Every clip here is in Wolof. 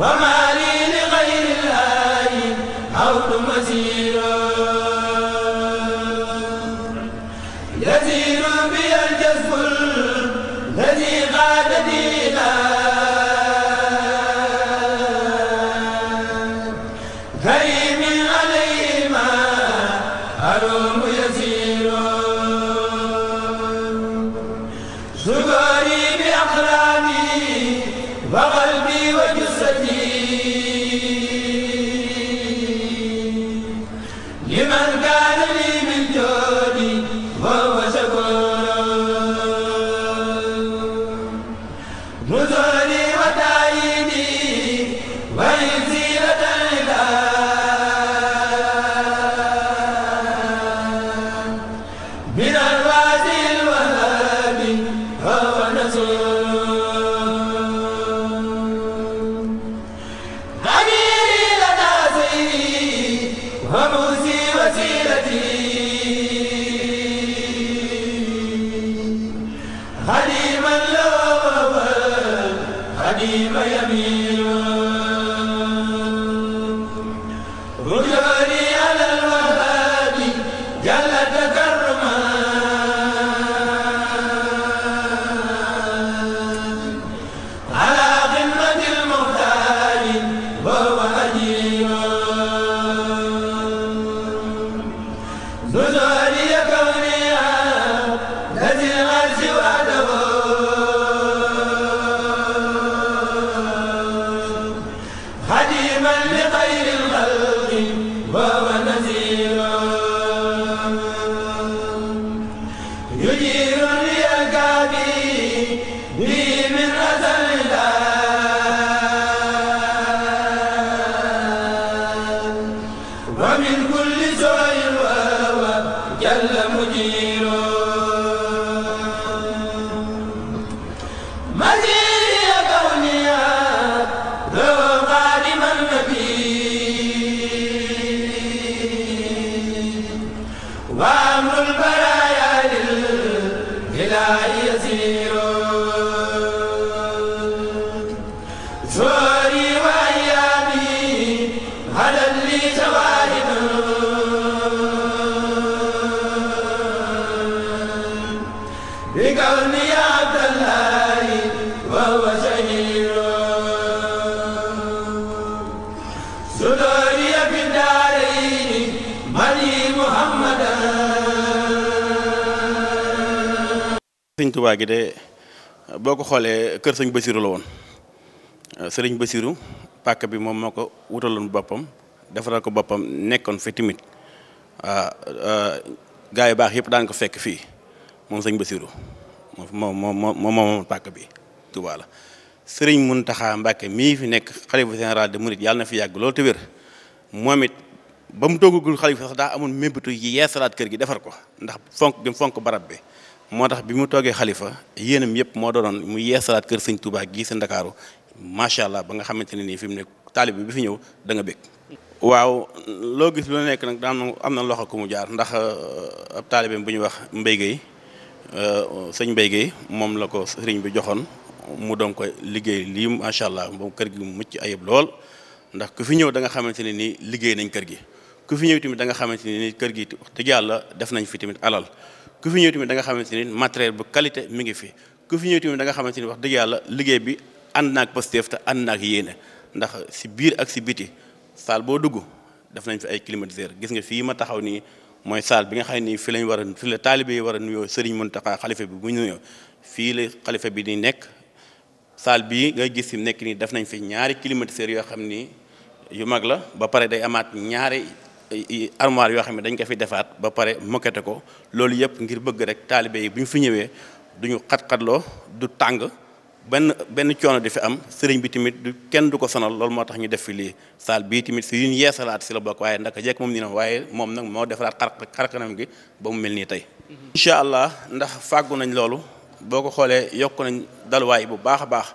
wa الحبيب يميل على الوهاب جل تكرما على قمة المختار وهو أجيما You sëñ gi de boo ko xoolee kër sañ Basiru la woon euh, sëriñ Basiru pàkk bi moom moo ko wutaloon boppam defaraat ko boppam nekkoon fi timit euh, euh, gaa yu baax yëpp daan ko fekk fii moom sëñ Basiru moom moom moom moom pàkk bi Touba la. sëriñ Muntaxa Mbàkke mii fi nekk xalifa général de Mouride yàlla na fi yàgg loolu te wér moom it ba mu toogagul xalifa sax daa amoon mébétu yi yeesalaat kër gi defar ko ndax fonk gi fonk barab bi. moo tax bi mu toogee xalifa yéenam yëpp moo doonoon mu salaat kër sëñ Touba gii sa Ndakaaru macha allah ba nga xamante ne nii fi mu ne taalib bi bi fi ñëw danga nga bëgg. waaw loo gis nekk nag daan am na loxo ku mu jaar ndax ab taalibeem bu ñuy wax Mbaye Gueye euh, sëñ Mbaye moom la ko sëriñ bi joxoon mu doon ko liggéey lii macha allah moom kër gi mu mucc ayib lool ndax ku fi ñëw da nga xamante ne nii liggéey nañ kër gi ku fi ñëw tamit da nga xamante ne nii kër gi wax dëgg yàlla def nañ fi tamit alal. ku fi ñëw tamit da nga xamante ni matériel bu qualité mi ngi fi ku fi ñëw tamit da nga xamante ni wax dëgg yàlla liggéey bi ànd naag Pastef te ànd naag yéene ndax si biir ak si biti saal boo dugg def nañ fi ay climatiseur gis nga fii ma taxaw nii mooy saal bi nga xam ne fi lañ war a fi la taalibe yi war a nuyoo Sëriñ Muntaxa xalifa bi bu ñu nuyoo fii la xalifa bi di nekk saal bii ngay gis fi nekk nii def nañ fi ñaari climatiseur yoo xam ni yu mag la ba pare day amaat ñaari armoire yoo xam ne dañ ko fi defaat ba pare moquette ko loolu yëpp ngir bëgg rek taalibe yi bu ñu fi ñëwee duñu xat-xatloo du tàng benn benn coono di fi am sëriñ bi tamit kenn du ko sonal loolu moo tax ñu def fi lii saal bii tamit si yuñ yeesalaat si la bokk waaye ndaka jekk moom nii na waaye moom nag moo defaraat xar xarkanam gi ba mu mel nii tey mhm. incha allah ndax fàggu nañ loolu boo ko xoolee yokk nañ dalwaay bu baax a baax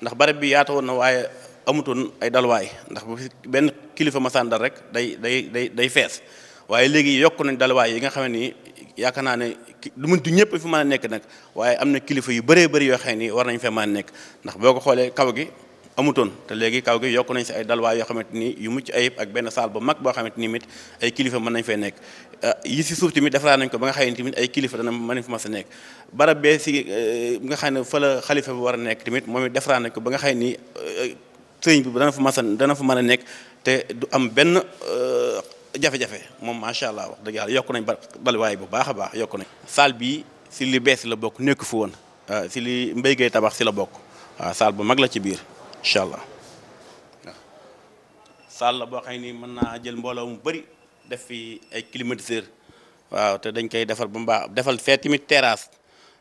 ndax barab bi yaata woon na waaye amutun ay dalwaay ndax bu benn kilifa ma sandal rek day day day day fees waaye léegi yokk nañ dalwaay yi nga xamni ne ne du muntu ñëpp fi mën a nekk nag waaye am kilifa yu bëré bëri yo xam war nañ fee mën nek ndax boko xolé kaw gi amutun te legui kaw gi yokk nañ ci ay dalwaay yo xamni yu mucc ayib ak ben saal bu mag bo xamni nit ay kilifa mën nañ fee nek yi ci suuf tamit defaraat nañ ko ba nga xam ne ay kilifa dana mën fa sa nek barab be ci nga xamni fa la khalifa bi war nek nekk momi moom it nañ ko ba nga xam sëriñ bi dana fa mas a dana fa mën a nekk te du am benn euh, jafe-jafe moom macha allah wax dëgg yàlla yokk nañ ba baliwaay bu baax a baax yokk nañ saal bii si li bees la bokk nekk fu woon euh, si li mbéy tabax si la bokk waaw saal bu mag la ci biir incha allah waaw saal la boo xam nii mën naa jël mbooloo mu bari def fii ay climatiseur waaw te dañ koy defal ba mu baax defal fee tamit terrasse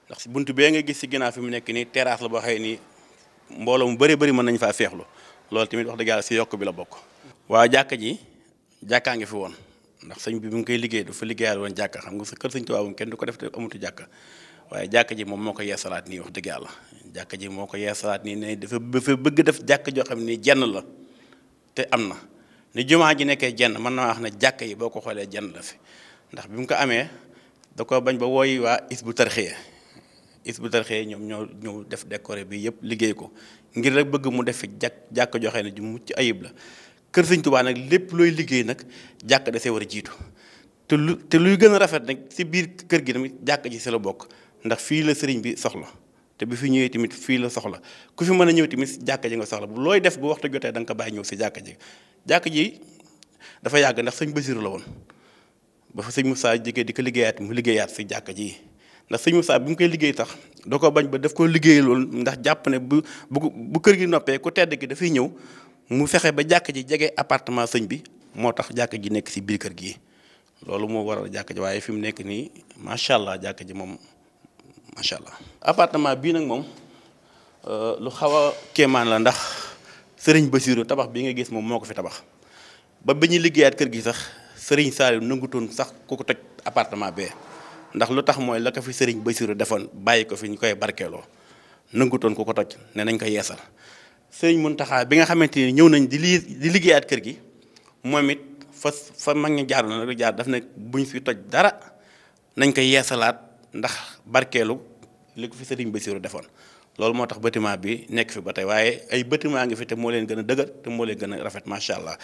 ndax bunt bee nga gis si ginnaaw fi mu nekk nii teraas la boo xam nii mbooloo mu bëri bari mën nañ faa feexlu loolu tamit wax dëgg si yokk bi la bokk. waaw jàkka ji jàkkaa ngi fi woon ndax sëñ bi bu ngi koy liggéey dafa liggéeyal woon jàkka xam nga sa kër sëñ Tuubaa kenn du ko def te amutu jàkka waaye jàkka ji moom moo ko yeesalaat nii wax dëgg yàlla jàkka ji moo ko yeesalaat nii ne dafa dafa bëgg def jàkk joo xam ni jenn la te am na ni jumaa ji nekkee jenn mën naa wax ne jàkk yi boo ko xoolee jenn la fi ndax bi mu ko amee da ko bañ ba wooyi waa is bu tarxiya bu Hizbut Tarqiyyah ñoom ñoo ñëw def décoré bi yëpp liggéey ko ngir rek bëgg mu def fi jàkk jàkk joxe na ju mucc ayib la kër sëñ Tuubaa nag lépp looy liggéey nag jàkk dasee war a jiitu te lu te luy gën a rafet nag si biir kër gi tamit jàkk ji si la bokk ndax fii la sëriñ bi soxla te bi fi ñëwee tamit fii la soxla ku fi mën a ñëw tamit jàkk ji nga soxla bu looy def bu waxtu jotee da ko baay ñëw si jàkk ji jàkk ji dafa yàgg ndax sëñ Basiru la woon ba fa mu saa jógee di ko liggéeyaat mu liggéeyaat si jàkk ji la seigne Moussa bi mu koy liggéey tax da ko bañ ba daf ko liggéey lool ndax japp ne bu bu kër gi noppé ku tedd gi da fi ñew mu fexé ba jakk ji jégué appartement seigne bi motax jakk ji nek ci biir kër gi loolu mo waral jakk ji waye fi nek ni nii macha allah jàkk ji moom macha allah. appartement nak mom euh lu xawa kéman la ndax sëriñ Basiru tabax bi nga gis mom moko fi tabax ba biñu ñuy liggéeyaat kër gi sax sëriñ salim nangutone sax ku ko toj appartement be ndax lu tax mooy la ko fi sëriñ Basiru defoon bàyyi ko fi ñu koy barkeeloo nangutoon ku ko toj ne nañ ko yeesal sëriñ Muntaxa bi nga xamante ni ñëw nañ di lii di liggéeyaat kër gi moom it fa fa mag ñi jaaroon na lu jaar daf ne buñ fi toj dara nañ ko yeesalaat ndax barkeelu li ko fi sëriñ Basiru defoon loolu moo tax bâtiment bi nekk fi ba tey waaye ay bâtiment ngi fi te moo leen gën a dëgër te moo leen gën a rafet macha allah